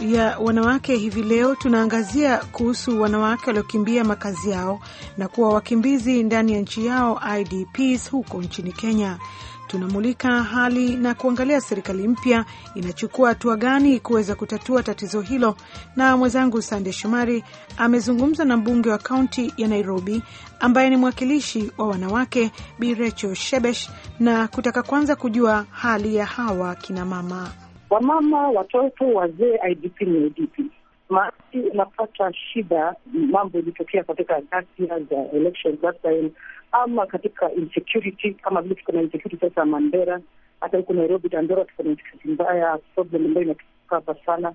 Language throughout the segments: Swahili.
ya wanawake hivi leo tunaangazia kuhusu wanawake waliokimbia makazi yao na kuwa wakimbizi ndani ya nchi yao IDPs huko nchini Kenya. Tunamulika hali na kuangalia serikali mpya inachukua hatua gani kuweza kutatua tatizo hilo, na mwenzangu Sande Shomari amezungumza na mbunge wa kaunti ya Nairobi ambaye ni mwakilishi wa wanawake Bi Shebesh, na kutaka kwanza kujua hali ya hawa kinamama wamama, watoto, wazee, IDP ni IDP. Maasi unapata shida, mambo ilitokea katika ghasia za election last time, ama katika insecurity kama vile tuko na insecurity sasa Mandera, hata huko Nairobi, Dandora tuko na insecurity mbaya, problem ambayo inatukaba sana.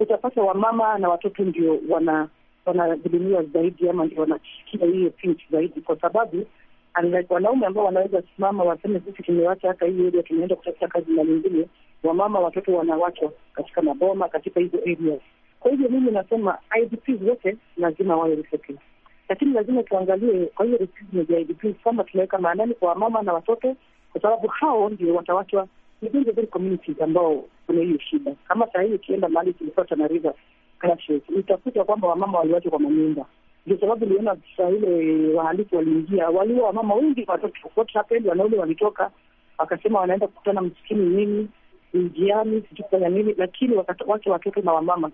Utapata wamama na watoto ndio wana wanadhulumiwa zaidi ama ndio wanashikia hiyo pinch zaidi, kwa sababu wanaume ambao wanaweza simama waseme sisi tumewacha hata hii eria tumeenda kutafuta kazi na nyingine wamama, watoto, wanawake katika maboma, katika hizo areas. Kwa hivyo mimi nasema IDPs wote lazima wawe receptive, lakini lazima tuangalie kwa hiyo recruitment ya IDPs kama tunaweka maanani kwa wamama na watoto, kwa sababu hao ndio watawachwa communities ambao kuna hiyo shida. Kama saa hii ukienda mahali tulikuwa Tana River utakuta kwamba wamama waliwachwa kwa manyumba. Ndio sababu uliona saa ile wahalifu waliingia, waliua wamama wengi, watoto. What happened? Wanaume walitoka wakasema wanaenda kukutana msikini nini mjiani, sijui kufanya nini, lakini wake watoto na wamama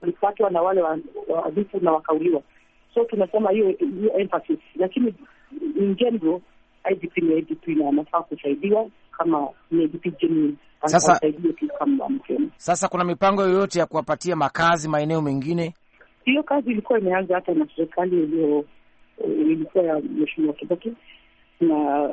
walipatwa na wale wahalifu wa na wakauliwa. So tunasema hiyo emphasis, lakini in general IGP ni IGP na anafaa kusaidiwa kama ni IGP genuine. Sasa, sasa kuna mipango yoyote ya kuwapatia makazi maeneo mengine? Hiyo kazi ilikuwa imeanza hata na serikali ilikuwa ya mheshimiwa Kibaki, na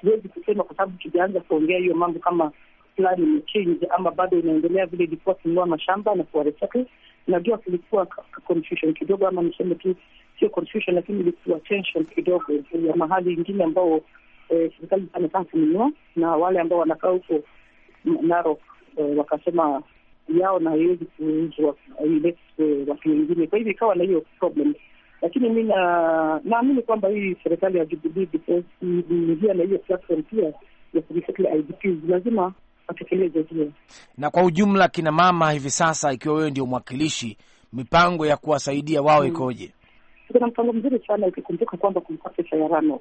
siwezi kusema kwa sababu tujaanza kuongea hiyo mambo kama fulani imechange ama bado inaendelea vile ilikuwa kununua mashamba na kuwa resettle. Najua kulikuwa confusion kidogo, ama niseme tu sio confusion, lakini ilikuwa tension kidogo ya mahali ingine ambao eh, serikali inakaa kununua na wale ambao wanakaa huko Narok eh, wakasema yao na haiwezi kuuzwa eh, ile watu wengine. Kwa hivyo ikawa na hiyo problem, lakini mi naamini kwamba hii serikali ya Jubilee because iliingia na hiyo platform pia ya kurecycle IDPs lazima watekeleze hiyo. Na kwa ujumla, kina mama hivi sasa, ikiwa wewe ndio mwakilishi, mipango ya kuwasaidia wao hmm. ikoje? Kuna mpango mzuri sana, ukikumbuka kwamba kulikuwa pesa ya rano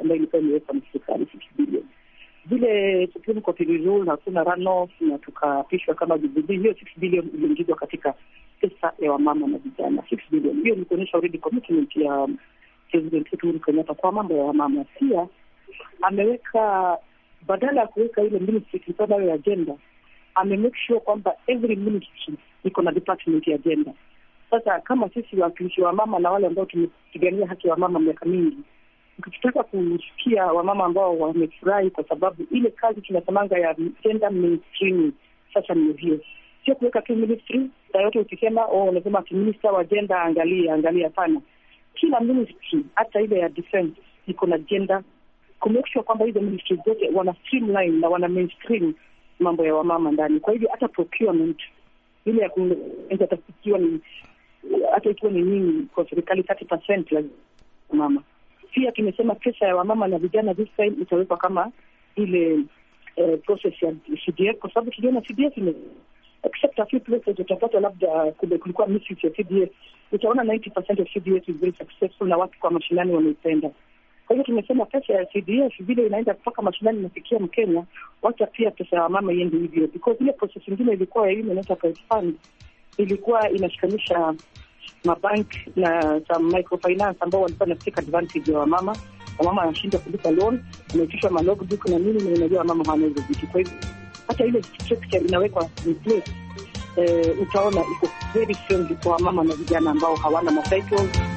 ambayo ilikuwa imewekwa na serikali six bilioni vile Supreme Court ilirule hakuna runoff na tukapishwa kama Jubilee, hiyo 6 billion iliingizwa katika pesa ya wamama na vijana. 6 billion hiyo ni kuonyesha already commitment ya president Uhuru Kenyatta kwa mambo ya wamama. Pia ameweka badala ya kuweka ile ministry ayo agenda, amemake sure kwamba every ministry iko na department ya agenda. Sasa kama sisi wawakilishi wa mama na wale ambao tumepigania haki wa wamama miaka mingi, ukitaka kusikia wamama ambao wamefurahi kwa sababu ile kazi tunasemanga ya gender mainstream sasa ni hiyo, sio kuweka tu ministry saa yote ukisema oh, unasema kiminista wa gender angalia angalia. Hapana, kila ministry, hata ile ya defense iko na gender kumekushwa kwamba hizo ministri zote wana streamline na wana mainstream mambo ya wamama ndani. Kwa hivyo hata procurement ile ya kuatafikiwa ni hata ikiwa ni nini kwa serikali 30% la mama. Pia tumesema pesa ya wamama na vijana this time itawekwa kama ile eh, process ya CDF kwa sababu tuliona CDF ime except a few places utapata labda uh, kule kulikuwa misuse ya CDF. Utaona 90% of CDF is very successful na watu kwa mashinani wanaipenda. Kwa hiyo tumesema pesa ya CDF vile inaenda mpaka mashinani inafikia Mkenya, wacha pia pesa ya wamama iende hivyo, because ile process ingine ilikuwa ya ile inaitwa fund ilikuwa inashikanisha mabank na some microfinance ambao walikuwa na take advantage ya wamama. Wamama wanashindwa kulipa loan, wanaitishwa malogbook na nini, na unajua wamama hawana hizo vitu. Kwa hivyo hata ile structure inawekwa in place, eh, utaona iko very strong kwa wamama na vijana ambao hawana macycles